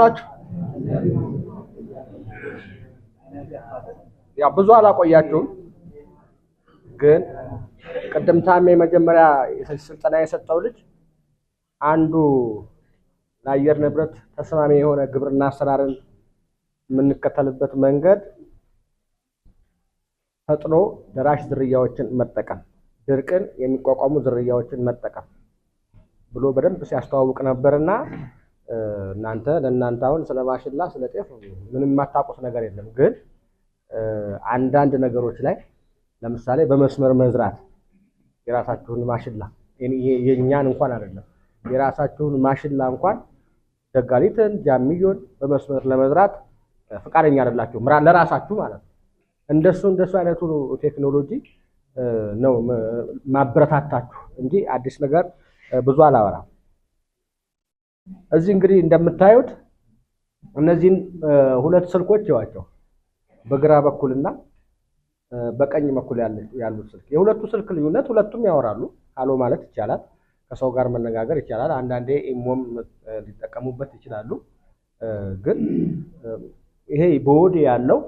ናችሁ? ያው ብዙ አላቆያችሁም፣ ግን ቅድም ታሜ መጀመሪያ ስልጠና የሰጠው ልጅ አንዱ ለአየር ንብረት ተስማሚ የሆነ ግብርና አሰራርን የምንከተልበት መንገድ ፈጥኖ ደራሽ ዝርያዎችን መጠቀም፣ ድርቅን የሚቋቋሙ ዝርያዎችን መጠቀም ብሎ በደንብ ሲያስተዋውቅ ነበርና እናንተ ለእናንተ አሁን ስለ ማሽላ ስለ ጤፍ ምንም የማታውቁት ነገር የለም። ግን አንዳንድ ነገሮች ላይ ለምሳሌ በመስመር መዝራት የራሳችሁን ማሽላ የእኛን እንኳን አይደለም የራሳችሁን ማሽላ እንኳን ደጋሊትን ጃሚዮን በመስመር ለመዝራት ፈቃደኛ አይደላችሁ፣ ለራሳችሁ ማለት ነው። እንደሱ እንደሱ አይነቱ ቴክኖሎጂ ነው ማበረታታችሁ እንጂ አዲስ ነገር ብዙ አላወራም። እዚህ እንግዲህ እንደምታዩት እነዚህን ሁለት ስልኮች ይዋቸው በግራ እና በቀኝ በኩል ያሉት ስልክ የሁለቱ ስልክ ልዩነት ሁለቱም ያወራሉ። አሎ ማለት ይቻላል። ከሰው ጋር መነጋገር ይቻላል። አንዳንዴ ኢሞም ሊጠቀሙበት ይችላሉ። ግን ይሄ በወድ ያለው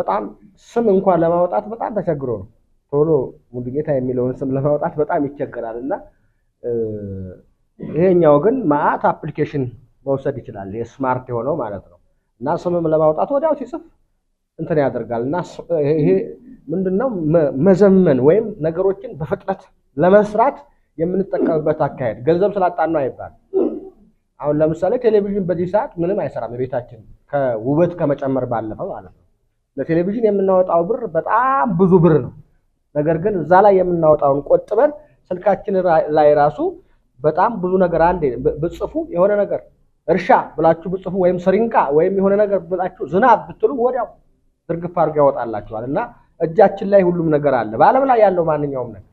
በጣም ስም እንኳን ለማውጣት በጣም ተቸግሮ ነው። ቶሎ ሙሉጌታ የሚለውን ስም ለማውጣት በጣም ይቸገራል እና ይሄኛው ግን ማአት አፕሊኬሽን መውሰድ ይችላል። የስማርት የሆነው ማለት ነው። እና ስምም ለማውጣት ወዲያው ሲጽፍ እንትን ያደርጋል። እና ይሄ ምንድነው መዘመን ወይም ነገሮችን በፍጥነት ለመስራት የምንጠቀምበት አካሄድ ገንዘብ ስላጣን ነው አይባል። አሁን ለምሳሌ ቴሌቪዥን በዚህ ሰዓት ምንም አይሰራም። የቤታችን ከውበት ከመጨመር ባለፈ ማለት ነው። ለቴሌቪዥን የምናወጣው ብር በጣም ብዙ ብር ነው። ነገር ግን እዛ ላይ የምናወጣውን ቆጥበን ስልካችን ላይ ራሱ በጣም ብዙ ነገር አንዴ ብጽፉ የሆነ ነገር እርሻ ብላችሁ ብጽፉ ወይም ስሪንቃ ወይም የሆነ ነገር ብላችሁ ዝናብ ብትሉ ወዲያው ዝርግፍ አድርጎ ያወጣላችኋል። እና እጃችን ላይ ሁሉም ነገር አለ። በዓለም ላይ ያለው ማንኛውም ነገር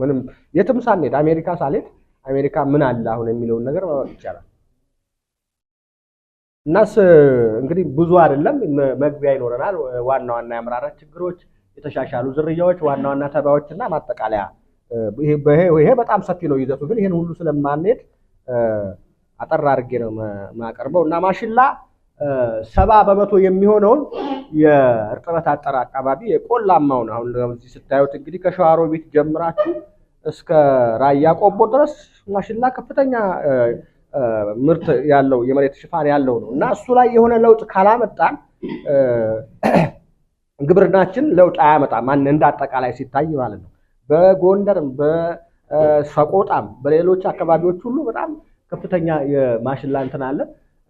ምንም የትም ሳንሄድ አሜሪካ ሳልሄድ አሜሪካ ምን አለ አሁን የሚለውን ነገር ማወቅ ይቻላል። እናስ እንግዲህ ብዙ አይደለም መግቢያ ይኖረናል። ዋና ዋና የአመራረት ችግሮች፣ የተሻሻሉ ዝርያዎች፣ ዋና ዋና ተባዮች እና ማጠቃለያ ይሄ በጣም ሰፊ ነው ይዘቱ፣ ግን ይህን ሁሉ ስለማንሄድ አጠር አድርጌ ነው የማቀርበው እና ማሽላ ሰባ በመቶ የሚሆነውን የእርጥበት አጠር አካባቢ የቆላማውን አሁን እዚህ ስታዩት እንግዲህ ከሸዋሮ ቤት ጀምራችሁ እስከ ራያ ቆቦ ድረስ ማሽላ ከፍተኛ ምርት ያለው የመሬት ሽፋን ያለው ነው እና እሱ ላይ የሆነ ለውጥ ካላመጣን ግብርናችን ለውጥ አያመጣም። ማን እንደ አጠቃላይ ሲታይ ማለት ነው። በጎንደርም በሰቆጣም በሌሎች አካባቢዎች ሁሉ በጣም ከፍተኛ የማሽላ እንትን አለ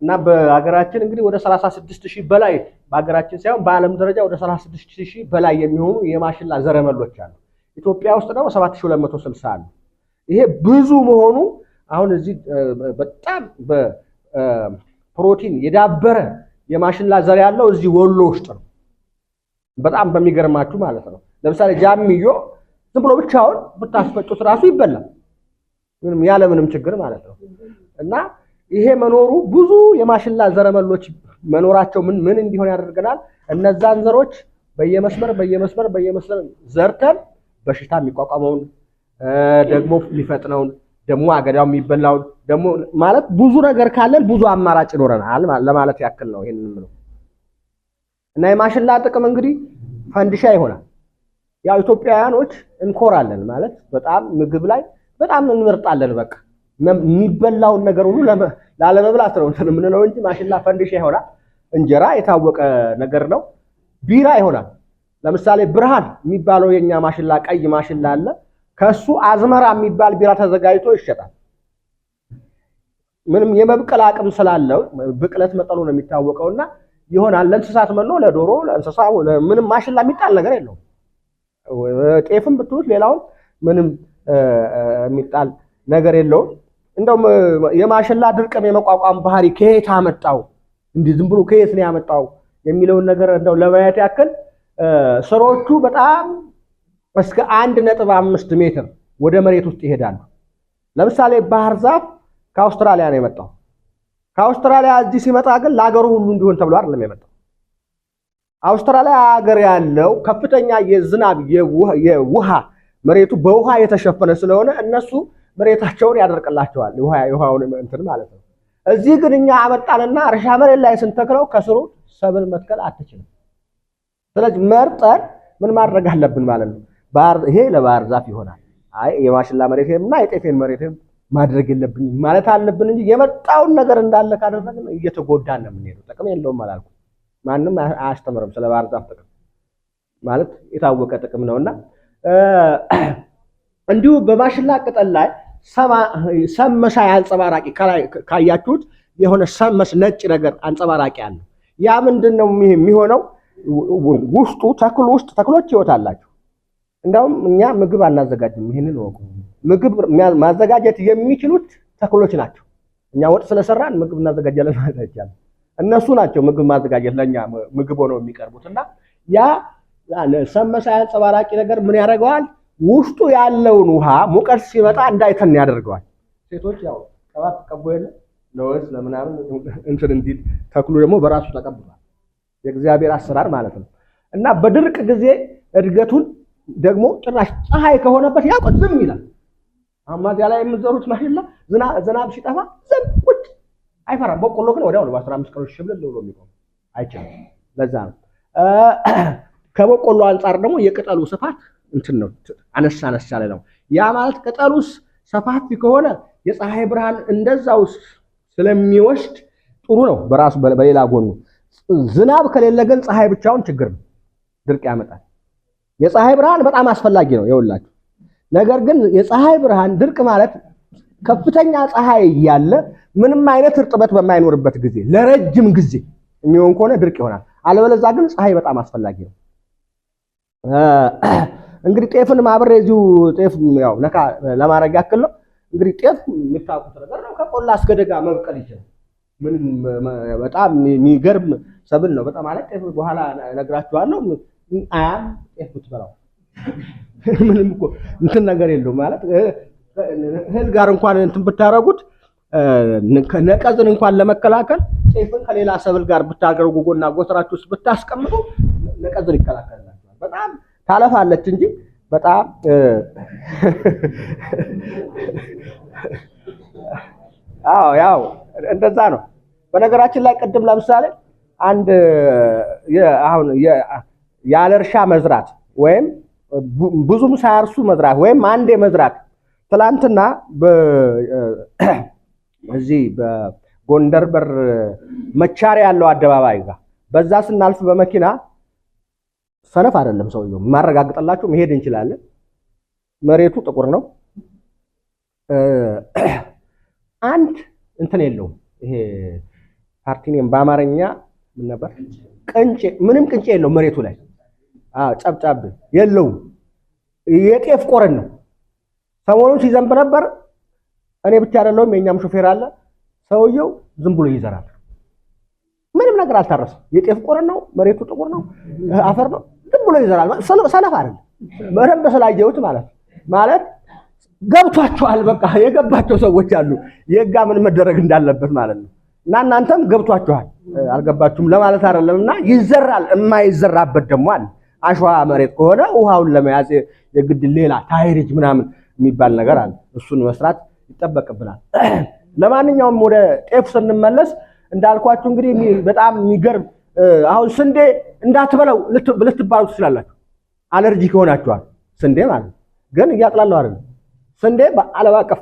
እና በሀገራችን እንግዲህ ወደ 36 ሺህ በላይ በሀገራችን ሳይሆን በዓለም ደረጃ ወደ 36 ሺህ በላይ የሚሆኑ የማሽላ ዘረመሎች አሉ። ኢትዮጵያ ውስጥ ደግሞ 7260 አሉ። ይሄ ብዙ መሆኑ አሁን እዚህ በጣም በፕሮቲን የዳበረ የማሽላ ዘር ያለው እዚህ ወሎ ውስጥ ነው። በጣም በሚገርማችሁ ማለት ነው። ለምሳሌ ጃምዮ ዝም ብሎ ብቻውን ብታስፈጩት ራሱ ይበላል ያለምንም ችግር ማለት ነው። እና ይሄ መኖሩ ብዙ የማሽላ ዘረመሎች መኖራቸው ምን ምን እንዲሆን ያደርገናል? እነዛን ዘሮች በየመስመር በየመስመር በየመስመር ዘርተን በሽታ የሚቋቋመውን ደግሞ የሚፈጥነውን ደግሞ አገዳው የሚበላውን ደግሞ ማለት ብዙ ነገር ካለን ብዙ አማራጭ ይኖረናል ለማለት ያክል ነው። ይሄንን እና የማሽላ ጥቅም እንግዲህ ፈንዲሻ ይሆናል። ያው ኢትዮጵያውያኖች እንኮራለን ማለት በጣም ምግብ ላይ በጣም እንመርጣለን። በቃ የሚበላውን ነገር ሁሉ ላለመብላት ነው እንትን የምንለው እንጂ ማሽላ ፈንድሻ ይሆናል። እንጀራ የታወቀ ነገር ነው። ቢራ ይሆናል። ለምሳሌ ብርሃን የሚባለው የኛ ማሽላ ቀይ ማሽላ አለ። ከሱ አዝመራ የሚባል ቢራ ተዘጋጅቶ ይሸጣል። ምንም የመብቀል አቅም ስላለው ብቅለት መጠኑ ነው የሚታወቀውና ይሆናል ለእንስሳት መኖ፣ ለዶሮ፣ ለእንስሳ ምንም ማሽላ የሚጣል ነገር የለውም። ጤፍም ብትሉት ሌላውም ምንም የሚጣል ነገር የለውም። እንደውም የማሽላ ድርቅም የመቋቋም ባህሪ ከየት አመጣው? እንዲህ ዝም ብሎ ከየት ነው ያመጣው የሚለውን ነገር እንደው ለማየት ያክል ስሮቹ በጣም እስከ አንድ ነጥብ አምስት ሜትር ወደ መሬት ውስጥ ይሄዳሉ። ለምሳሌ ባህር ዛፍ ከአውስትራሊያ ነው የመጣው። ከአውስትራሊያ እዚህ ሲመጣ ግን ለሀገሩ ሁሉ እንዲሆን ተብሎ አይደለም የመጣው አውስትራሊያ ሀገር ያለው ከፍተኛ የዝናብ የውሃ መሬቱ በውሃ የተሸፈነ ስለሆነ እነሱ መሬታቸውን ያደርቅላቸዋል፣ የውሃውን እንትን ማለት ነው። እዚህ ግን እኛ አመጣንና እርሻ መሬት ላይ ስንተክለው ከስሩ ሰብል መትከል አትችልም። ስለዚህ መርጠን ምን ማድረግ አለብን ማለት ነው። ይሄ ለባህር ዛፍ ይሆናል። አይ የማሽላ መሬትም እና የጤፌን መሬትም ማድረግ የለብን ማለት አለብን እንጂ የመጣውን ነገር እንዳለ ካደረግን እየተጎዳን ነው የምንሄደው። ጥቅም የለውም አላልኩም። ማንም አያስተምርም ስለ ባህር ዛፍ ጥቅም ማለት የታወቀ ጥቅም ነውና እንዲሁ በማሽላ ቅጠል ላይ ሰመሳይ አንጸባራቂ ካያችሁት የሆነ ሰመስ ነጭ ነገር አንጸባራቂ አለ። ያ ምንድን ነው የሚሆነው? ውስጡ ተክል ውስጥ ተክሎች ህይወት አላቸው። እንዲያውም እኛ ምግብ አናዘጋጅም። ይህንን ወቁ። ምግብ ማዘጋጀት የሚችሉት ተክሎች ናቸው። እኛ ወጥ ስለሰራን ምግብ እናዘጋጃለን ማለት አይቻልም። እነሱ ናቸው ምግብ ማዘጋጀት ለእኛ ምግብ ሆነው የሚቀርቡት እና ያ ሰመሳይ ያንጸባራቂ ነገር ምን ያደርገዋል? ውስጡ ያለውን ውሃ ሙቀት ሲመጣ እንዳይተን ያደርገዋል። ሴቶች ያው ቅባት ተቀቡ የለ ለወዝ ለምናምን እንትን እንዲል ተክሉ ደግሞ በራሱ ተቀብቷል። የእግዚአብሔር አሰራር ማለት ነው እና በድርቅ ጊዜ እድገቱን ደግሞ ጭራሽ ፀሐይ ከሆነበት ያቆ ዝም ይላል። አማዚያ ላይ የምዘሩት ማሽላ ዝናብ ሲጠፋ ዝም አይፈራም። በቆሎ ግን ወዲያው ነው በአስራ አምስት ቀኖች ሽብልል ብሎ የሚቆም አይችልም። ለዛ ነው ከበቆሎ አንጻር ደግሞ የቅጠሉ ስፋት እንትን ነው አነሳ አነሳ ያለ ነው። ያ ማለት ቅጠሉስ ሰፋፊ ከሆነ የፀሐይ ብርሃን እንደዛው ስለሚወስድ ጥሩ ነው በራሱ በሌላ ጎኑ። ዝናብ ከሌለ ግን ፀሐይ ብቻውን ችግር ነው፣ ድርቅ ያመጣል። የፀሐይ ብርሃን በጣም አስፈላጊ ነው የውላችሁ ነገር ግን የፀሐይ ብርሃን ድርቅ ማለት ከፍተኛ ፀሐይ እያለ ምንም አይነት እርጥበት በማይኖርበት ጊዜ ለረጅም ጊዜ የሚሆን ከሆነ ድርቅ ይሆናል። አለበለዛ ግን ፀሐይ በጣም አስፈላጊ ነው። እንግዲህ ጤፍን ማብሬ እዚሁ ጤፍ ያው ነካ ለማድረግ ያክል ነው። እንግዲህ ጤፍ የሚታወቁት ነገር ነው። ከቆላ እስከ ደጋ መብቀል ይችላል። ምንም በጣም የሚገርም ሰብል ነው። በጣም አለ ጤፍ በኋላ ነግራችኋለሁ። አያም ጤፍ ብትበላው ምንም እኮ እንትን ነገር የለውም ማለት እህል ጋር እንኳን እንትን ብታረጉት ነቀዝን እንኳን ለመከላከል ጤፍን ከሌላ ሰብል ጋር ብታደርጉ ጎና ጎተራችሁ ውስጥ ብታስቀምጡ ነቀዝን ይከላከልላችኋል። በጣም ታለፋለች እንጂ በጣም አዎ፣ ያው እንደዛ ነው። በነገራችን ላይ ቅድም ለምሳሌ አንድ አሁን ያለ እርሻ መዝራት ወይም ብዙም ሳያርሱ መዝራት ወይም አንዴ መዝራት ትላንትና እዚህ በጎንደር በር መቻሪያ ያለው አደባባይ ጋር በዛ ስናልፍ በመኪና ሰነፍ አይደለም ሰውየው የማረጋግጠላችሁ፣ መሄድ እንችላለን። መሬቱ ጥቁር ነው። አንድ እንትን የለውም። ይሄ ፓርቲኔም በአማርኛ ምን ነበር? ቅንጬ፣ ምንም ቅንጬ የለው መሬቱ ላይ ጨብጫብ የለውም። የጤፍ ቆረን ነው ሰሞኑን ሲዘንብ ነበር። እኔ ብቻ አይደለሁም፣ የእኛም ሹፌር አለ። ሰውየው ዝም ብሎ ይዘራል። ምንም ነገር አልታረሰም። የጤፍ ቆረ ነው፣ መሬቱ ጥቁር ነው፣ አፈር ነው። ዝም ብሎ ይዘራል። ሰለፍ አይደለም። በደንብ ስላየሁት ማለት ማለት ገብቷቸዋል። በቃ የገባቸው ሰዎች አሉ፣ የጋ ምን መደረግ እንዳለበት ማለት ነው። እና እናንተም ገብቷችኋል። አልገባችሁም ለማለት አይደለም። እና ይዘራል። የማይዘራበት ደግሞ አለ። አሸዋ መሬት ከሆነ ውሃውን ለመያዝ የግድ ሌላ ታይሪጅ ምናምን የሚባል ነገር አለ። እሱን መስራት ይጠበቅብናል። ለማንኛውም ወደ ጤፍ ስንመለስ እንዳልኳችሁ እንግዲህ በጣም የሚገርም አሁን ስንዴ እንዳትበለው ልትባሉ ትችላላችሁ። አለርጂ ከሆናችኋል። ስንዴ ማለት ግን እያጥላለሁ አይደለም። ስንዴ በዓለም አቀፍ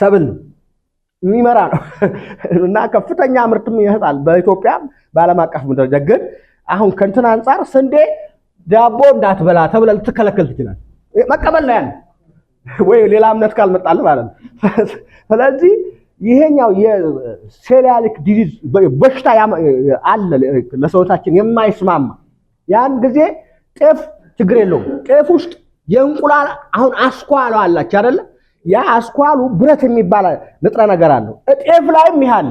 ሰብል ነው የሚመራ ነው እና ከፍተኛ ምርትም ይሰጣል በኢትዮጵያ በዓለም አቀፍ ደረጃ። ግን አሁን ከእንትን አንጻር ስንዴ ዳቦ እንዳትበላ ተብለ ልትከለከል ትችላል። መቀበል ነው ያን ወይ ሌላ እምነት ካልመጣል ማለት ነው። ስለዚህ ይሄኛው የሴሊያሊክ ዲዚዝ በሽታ አለ ለሰውታችን የማይስማማ ያን ጊዜ ጤፍ ችግር የለውም። ጤፍ ውስጥ የእንቁላል አሁን አስኳሉ አላች አይደለ? ያ አስኳሉ ብረት የሚባል ንጥረ ነገር አለው። ጤፍ ላይም ይሃል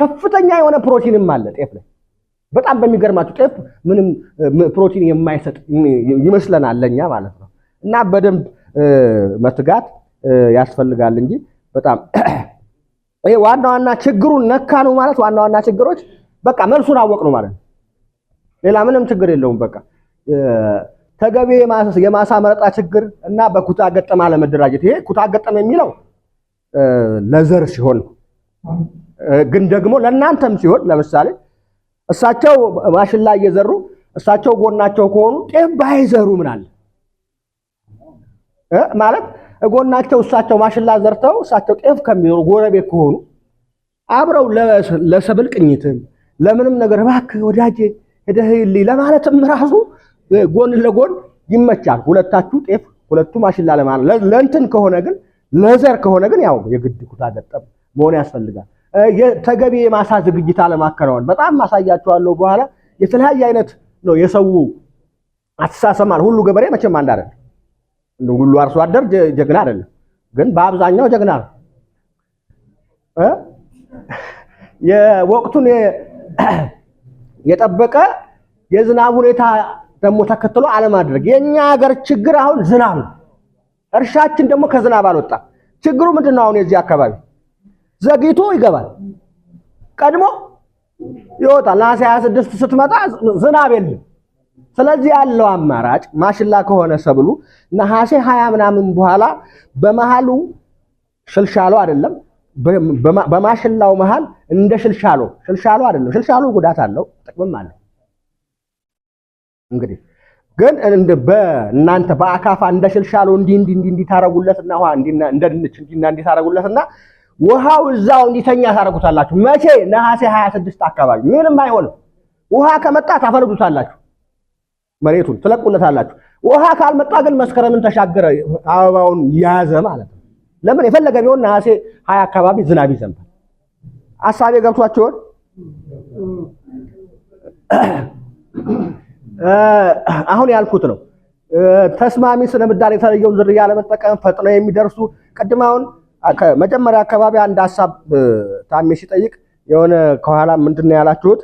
ከፍተኛ የሆነ ፕሮቲንም አለ ጤፍ ላይ። በጣም በሚገርማቸው ጤፍ ምንም ፕሮቲን የማይሰጥ ይመስለናል ለኛ ማለት ነው እና በደንብ መትጋት ያስፈልጋል እንጂ በጣም ይሄ ዋና ዋና ችግሩን ነካ ነው ማለት ዋና ዋና ችግሮች በቃ መልሱን አወቅ ነው ማለት ነው። ሌላ ምንም ችግር የለውም። በቃ ተገቢ የማሳ መረጣ ችግር እና በኩታ ገጠም አለመደራጀት። ይሄ ኩታ ገጠም የሚለው ለዘር ሲሆን ግን ደግሞ ለእናንተም ሲሆን ለምሳሌ እሳቸው ማሽላ እየዘሩ እሳቸው ጎናቸው ከሆኑ ጤፍ ባይዘሩ ምን አለ? ማለት እጎናቸው እሳቸው ማሽላ ዘርተው እሳቸው ጤፍ ከሚኖሩ ጎረቤት ከሆኑ አብረው ለሰብል ቅኝትም ለምንም ነገር እባክህ ወዳጄ ሄደህ ለማለትም ራሱ ጎን ለጎን ይመቻል። ሁለታችሁ ጤፍ ሁለቱ ማሽላ ለማለት ለእንትን ከሆነ ግን ለዘር ከሆነ ግን ያው የግድ ኩታ ገጠም መሆን ያስፈልጋል። ተገቢ የማሳ ዝግጅት አለማከናወን በጣም ማሳያቸዋለሁ። በኋላ የተለያየ አይነት ነው የሰው አስተሳሰማል። ሁሉ ገበሬ መቼም አንድ አይደለም። ሁሉ አርሶ አደር ጀግና አይደለም፣ ግን በአብዛኛው ጀግና ነው። የወቅቱን የጠበቀ የዝናብ ሁኔታ ደግሞ ተከትሎ አለማድረግ። የኛ ሀገር ችግር አሁን ዝናብ ነው። እርሻችን ደግሞ ከዝናብ አልወጣ። ችግሩ ምንድን ነው? አሁን የዚህ አካባቢ ዘግይቶ ይገባል፣ ቀድሞ ይወጣል። ነሐሴ 26 ስትመጣ ዝናብ የለም። ስለዚህ ያለው አማራጭ ማሽላ ከሆነ ሰብሉ ነሐሴ ሀያ ምናምን በኋላ በመሃሉ ሽልሻሎ አይደለም፣ በማሽላው መሃል እንደ ሽልሻሎ ሽልሻሎ አይደለም። ሽልሻሎ ጉዳት አለው፣ ጥቅምም አለው። እንግዲህ ግን እንደ በእናንተ በአካፋ እንደ ሽልሻሎ እንዲህ እንዲህ እንዲህ እንዲህ ታረጉለትና ውሃ እንደ ድንች እንዲና እንዲህ ታረጉለትና ውሃው እዛው እንዲተኛ ታረጉታላችሁ። መቼ ነሐሴ 26 አካባቢ ምንም አይሆንም። ውሃ ከመጣ ታፈነዱታላችሁ። መሬቱን ትለቁለታላችሁ። ውሃ ካልመጣ ግን መስከረምን ተሻገረ አበባውን ያዘ ማለት ነው። ለምን የፈለገ ቢሆን ነሐሴ ሀያ አካባቢ ዝናብ ይዘንባል። አሳቤ ገብቷቸውን አሁን ያልኩት ነው። ተስማሚ ስነ የተለየውን ዝርያ ለመጠቀም ፈጥነው የሚደርሱ ቅድም አሁን መጀመሪያ አካባቢ አንድ ሀሳብ ታሜ ሲጠይቅ የሆነ ከኋላ ምንድን ነው ያላችሁት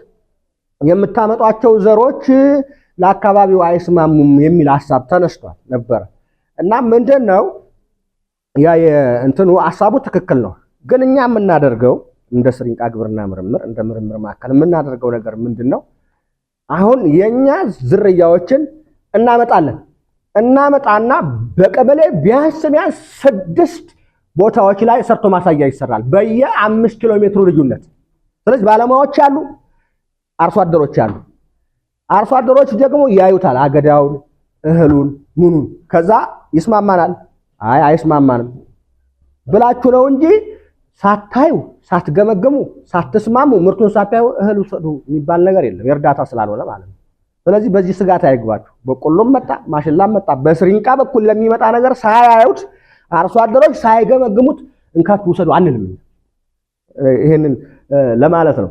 የምታመጧቸው ዘሮች ለአካባቢው አይስማሙም የሚል ሀሳብ ተነስቷል ነበረ እና ምንድን ነው ያ እንትኑ ሀሳቡ ትክክል ነው። ግን እኛ የምናደርገው እንደ ስሪንቃ ግብርና ምርምር እንደ ምርምር ማዕከል የምናደርገው ነገር ምንድን ነው? አሁን የእኛ ዝርያዎችን እናመጣለን እናመጣና በቀበሌ ቢያንስ ቢያንስ ስድስት ቦታዎች ላይ ሰርቶ ማሳያ ይሰራል በየአምስት ኪሎ ሜትሩ ልዩነት። ስለዚህ ባለሙያዎች አሉ፣ አርሶ አደሮች አሉ። አርሶ አደሮች ደግሞ ያዩታል፣ አገዳውን፣ እህሉን፣ ምኑን። ከዛ ይስማማናል፣ አይ አይስማማንም ብላችሁ ነው እንጂ ሳታዩ ሳትገመግሙ ሳትስማሙ ምርቱን ሳታዩ እህል ውሰዱ የሚባል ነገር የለም፣ የእርዳታ ስላልሆነ ማለት ነው። ስለዚህ በዚህ ስጋት አይግባችሁ። በቆሎም መጣ ማሽላም መጣ በስሪንቃ በኩል ለሚመጣ ነገር ሳያዩት አርሶ አደሮች ሳይገመግሙት እንካችሁ ውሰዱ አንልም። ይሄንን ለማለት ነው።